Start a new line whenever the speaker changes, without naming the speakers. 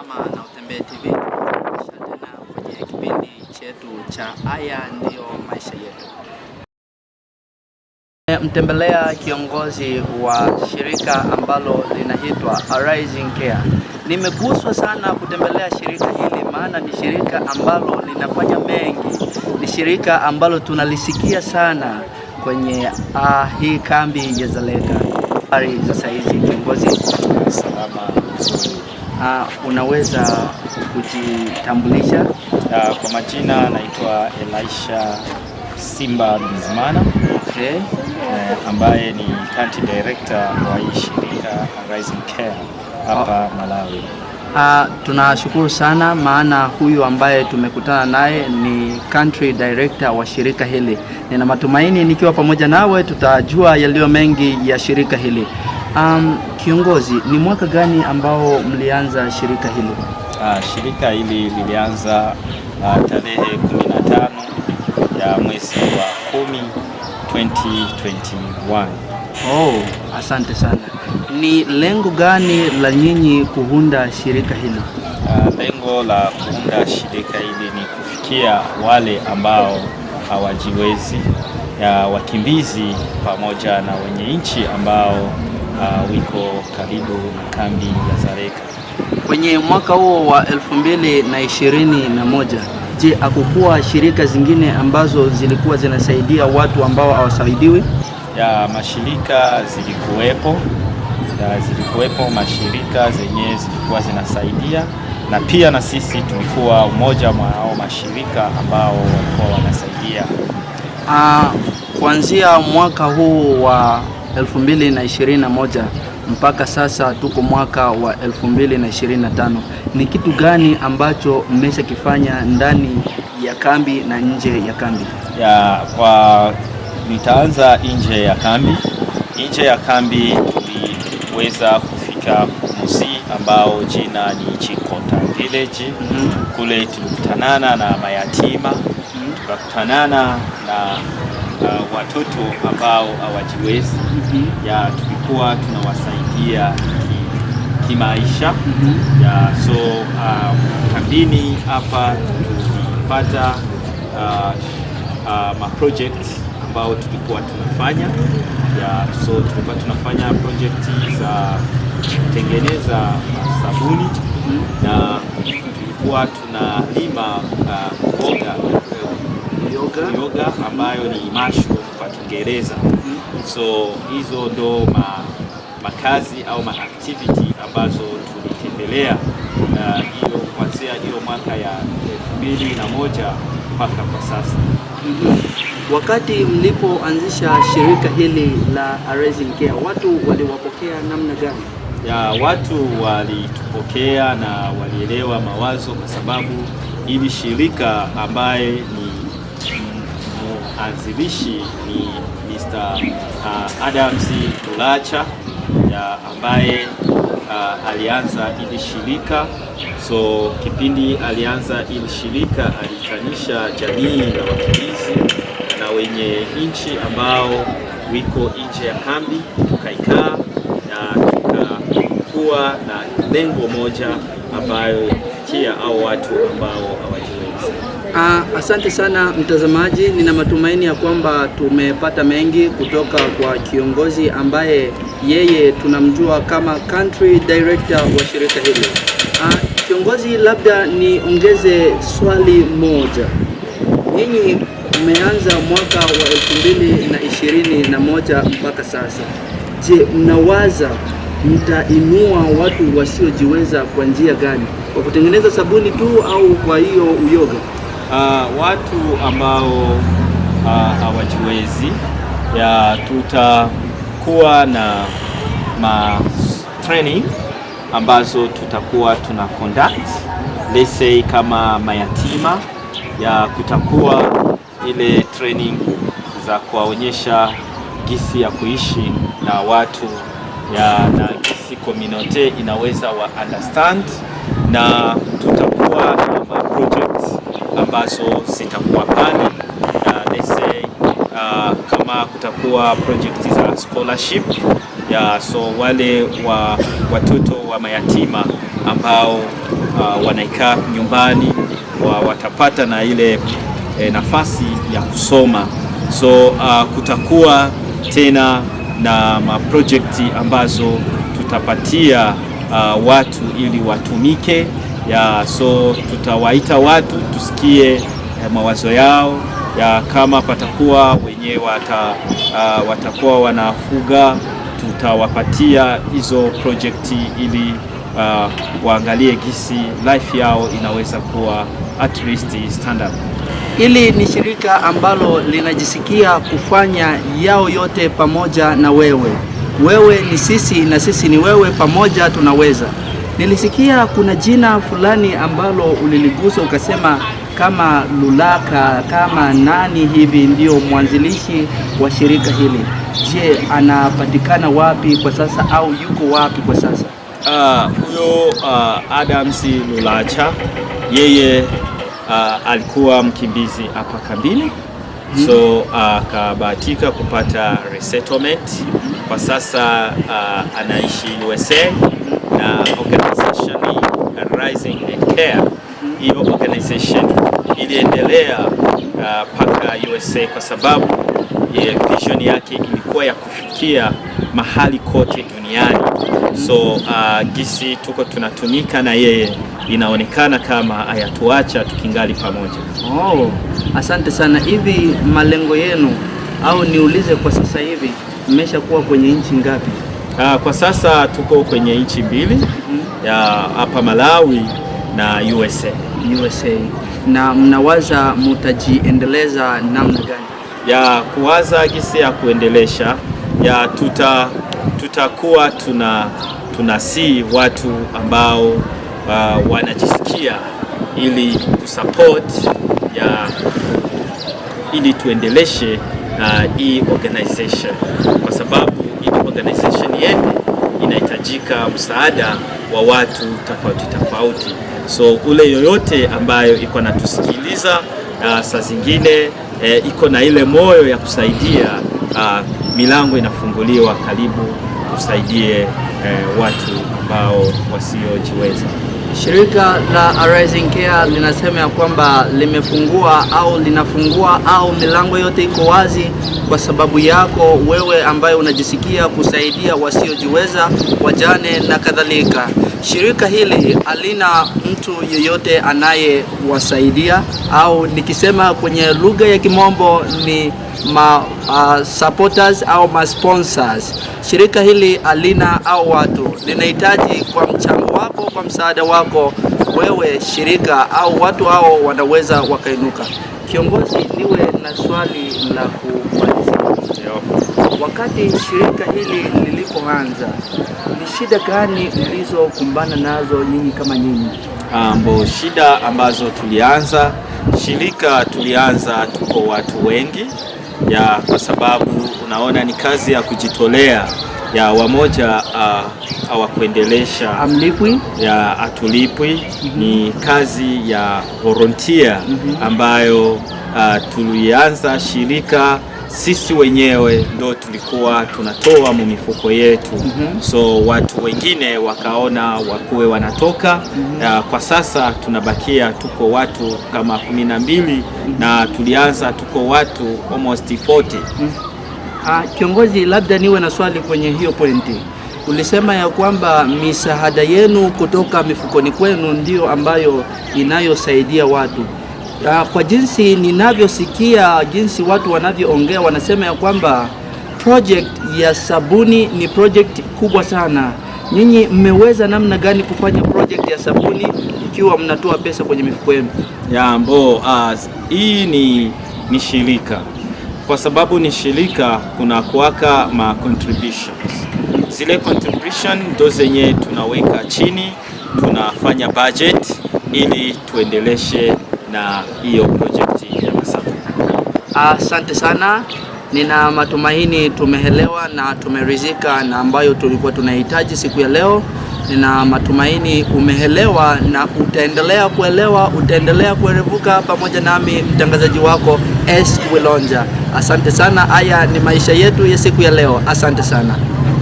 mama na Utembee TV tena kwenye kipindi chetu cha Haya Ndiyo Maisha Yetu. Mtembelea kiongozi wa shirika ambalo linaitwa Arising Care. Nimeguswa sana kutembelea shirika hili, maana ni shirika ambalo linafanya mengi, ni shirika ambalo tunalisikia sana kwenye uh, hii kambi ya Zaleka. Habari za saizi kiongozi? Salama uh, unaweza kujitambulisha?
Uh, kwa majina naitwa Elisha Simba Bizimana.
Okay. Uh,
ambaye ni County Director wa shirika Rising Care hapa oh, Malawi.
Uh, tunashukuru sana maana huyu ambaye tumekutana naye ni Country Director wa shirika hili. Nina matumaini nikiwa pamoja nawe tutajua yaliyo mengi ya shirika hili. Um, kiongozi, ni mwaka gani ambao mlianza shirika hili? Uh,
ah, shirika hili lilianza uh, tarehe 15 ya mwezi wa 10 2021.
Oh, asante sana. Ni lengo gani la nyinyi kuunda shirika hili?
Uh, lengo la kuunda shirika hili ni kufikia wale ambao hawajiwezi ya wakimbizi pamoja na wenye nchi ambao uh, wiko karibu na kambi ya Zareka.
Kwenye mwaka huo wa elfu mbili na ishirini na moja, je, hakukuwa shirika zingine ambazo zilikuwa zinasaidia watu ambao hawasaidiwi?
Ya mashirika zilikuwepo, ya zilikuwepo mashirika zenyewe zilikuwa zinasaidia na pia na sisi tulikuwa umoja wa hao mashirika ambao walikuwa wanasaidia.
Ah, kuanzia mwaka huu wa 2021 mpaka sasa tuko mwaka wa 2025. Ni kitu gani ambacho mmeshakifanya ndani ya kambi na nje ya kambi?
Ya, kwa nitaanza nje ya kambi. Nje ya kambi tuliweza kufika Musi ambao jina ni Chikota Village. mm -hmm. Kule tulikutanana na mayatima, mm -hmm. tukakutanana na uh, watoto ambao hawajiwezi mm -hmm. ya tulikuwa tunawasaidia kimaisha ki mm -hmm. ya so um, kambini hapa tulipata uh, uh, ma ambao tulikuwa tunafanya ya so tulikuwa tunafanya project za kutengeneza sabuni mm -hmm. na tulikuwa tunalima uh, mboga yoga, yoga ambayo ni mashu kwa Kiingereza mm-hmm. So hizo ndo ma, makazi au ma activity ambazo tulitembelea hiyo kuanzia hiyo mwaka ya elfu mbili na moja mpaka kwa sasa mm-hmm.
Wakati mlipoanzisha shirika hili la Arising Care watu waliwapokea namna gani?
Ya, watu walitupokea na walielewa mawazo, kwa sababu hili shirika ambaye ni anzilishi ni Mr. Uh, Adams Tulacha ya ambaye uh, alianza ili shirika so kipindi alianza ili shirika alikanisha jamii na wakimbizi na wenye nchi ambao wiko nje ya kambi, tukaikaa na tukakuwa na lengo moja ambayo kufikia au watu ambao
Uh, asante sana mtazamaji, nina matumaini ya kwamba tumepata mengi kutoka kwa kiongozi ambaye yeye tunamjua kama country director wa shirika hili. Uh, kiongozi, labda niongeze swali moja. Nyinyi mmeanza mwaka wa moja mpaka sasa. Je, mnawaza mtainua watu wasiojiweza kwa njia gani? Kwa kutengeneza sabuni tu au kwa hiyo uyoga?
uh, watu ambao ah, hawajiwezi uh, ya tutakuwa na ma training ambazo tutakuwa tuna conduct let's say kama mayatima ya kutakuwa ile training za kuwaonyesha gisi ya kuishi na watu ya na gisi community inaweza wa understand na tutakuwa na project ambazo zitakuwa pale uh, say uh, kama kutakuwa project za scholarship yeah, so wale wa watoto wa mayatima ambao uh, wanaikaa nyumbani wa watapata na ile eh, nafasi ya kusoma so uh, kutakuwa tena na maprojekti ambazo tutapatia uh, watu ili watumike ya so, tutawaita watu tusikie ya eh, mawazo yao ya kama patakuwa wenye wata, uh, watakuwa wanafuga tutawapatia hizo projekti ili uh, waangalie gisi life yao inaweza kuwa at least standard.
Hili ni shirika ambalo linajisikia kufanya yao yote pamoja na wewe. Wewe ni sisi na sisi ni wewe, pamoja tunaweza. Nilisikia kuna jina fulani ambalo uliligusa ukasema kama Lulaka kama nani hivi ndio mwanzilishi wa shirika hili. Je, anapatikana wapi kwa sasa au yuko wapi kwa sasa?
Ah, huyo uh, uh, Adams Lulacha yeye uh, alikuwa mkimbizi hapa Kambini mm -hmm. So akabahatika uh, kupata resettlement kwa sasa uh, anaishi USA na uh, organization Rising and Care. Hiyo organization iliendelea uh, mpaka uh, USA kwa sababu vision yake ilikuwa ya kufikia mahali kote duniani. So uh, gisi tuko tunatumika na yeye inaonekana kama hayatuacha tukingali pamoja.
Oh, asante sana. Hivi malengo yenu au niulize, kwa sasa hivi mmeshakuwa kwenye nchi ngapi?
Ah, kwa sasa tuko kwenye nchi mbili mm-hmm. ya hapa Malawi na USA.
USA. Na mnawaza mutajiendeleza namna gani?
Ya kuwaza gisi ya kuendelesha ya tuta tutakuwa tuna tunasii watu ambao uh, wanajisikia ili kusupport ya ili tuendeleshe ah, hii organization kwa katika msaada wa watu tofauti tofauti. So ule yoyote ambayo iko natusikiliza uh, ah, saa zingine uh, iko na ile moyo ya kusaidia uh, milango inafunguliwa, karibu tusaidie uh, eh, watu ambao wasiojiweza.
Shirika la Arising Care linasema ya kwamba limefungua au linafungua au milango yote iko wazi kwa sababu yako wewe ambaye unajisikia kusaidia wasiojiweza, wajane na kadhalika. Shirika hili halina mtu yeyote anayewasaidia au nikisema kwenye lugha ya Kimombo ni ma uh, supporters au ma sponsors. Shirika hili halina au watu linahitaji kwa mchango wako, kwa msaada wako wewe shirika au watu hao wanaweza wakainuka. Kiongozi, niwe na swali la kumalizia. Wakati shirika hili lilipoanza, ni shida gani mlizokumbana nazo nyinyi kama nyinyi?
Ambo, shida ambazo tulianza shirika, tulianza tuko watu wengi ya, kwa sababu unaona ni kazi ya kujitolea ya wamoja hawakuendelesha
amlipwi
ya atulipwi. mm -hmm. Ni kazi ya volunteer mm -hmm. ambayo uh, tulianza shirika sisi wenyewe ndo tulikuwa tunatoa mu mifuko yetu. mm -hmm. So watu wengine wakaona wakuwe wanatoka. mm -hmm. Uh, kwa sasa tunabakia tuko watu kama kumi na mbili. mm -hmm. na tulianza tuko watu almost 40. mm -hmm.
Ah, kiongozi, labda niwe na swali kwenye hiyo pointi. Ulisema ya kwamba misaada yenu kutoka mifukoni kwenu ndiyo ambayo inayosaidia watu. Ah, kwa jinsi ninavyosikia, jinsi watu wanavyoongea, wanasema ya kwamba project ya sabuni ni project kubwa sana. Nyinyi mmeweza namna gani kufanya project ya sabuni ikiwa mnatoa pesa kwenye mifuko yenu?
Yambo, uh, ah, hii ni, ni shirika kwa sababu ni shirika, kuna kuwaka ma contributions. Zile contribution ndo zenye tunaweka chini, tunafanya budget ili tuendeleshe na hiyo project ya Masava.
Asante sana. Nina matumaini tumehelewa na tumeridhika na ambayo tulikuwa tunahitaji siku ya leo. Nina matumaini umeelewa na utaendelea kuelewa, utaendelea kuerevuka pamoja nami mtangazaji wako S Wilonja. Asante sana. Haya ni maisha yetu ya siku ya leo. Asante sana.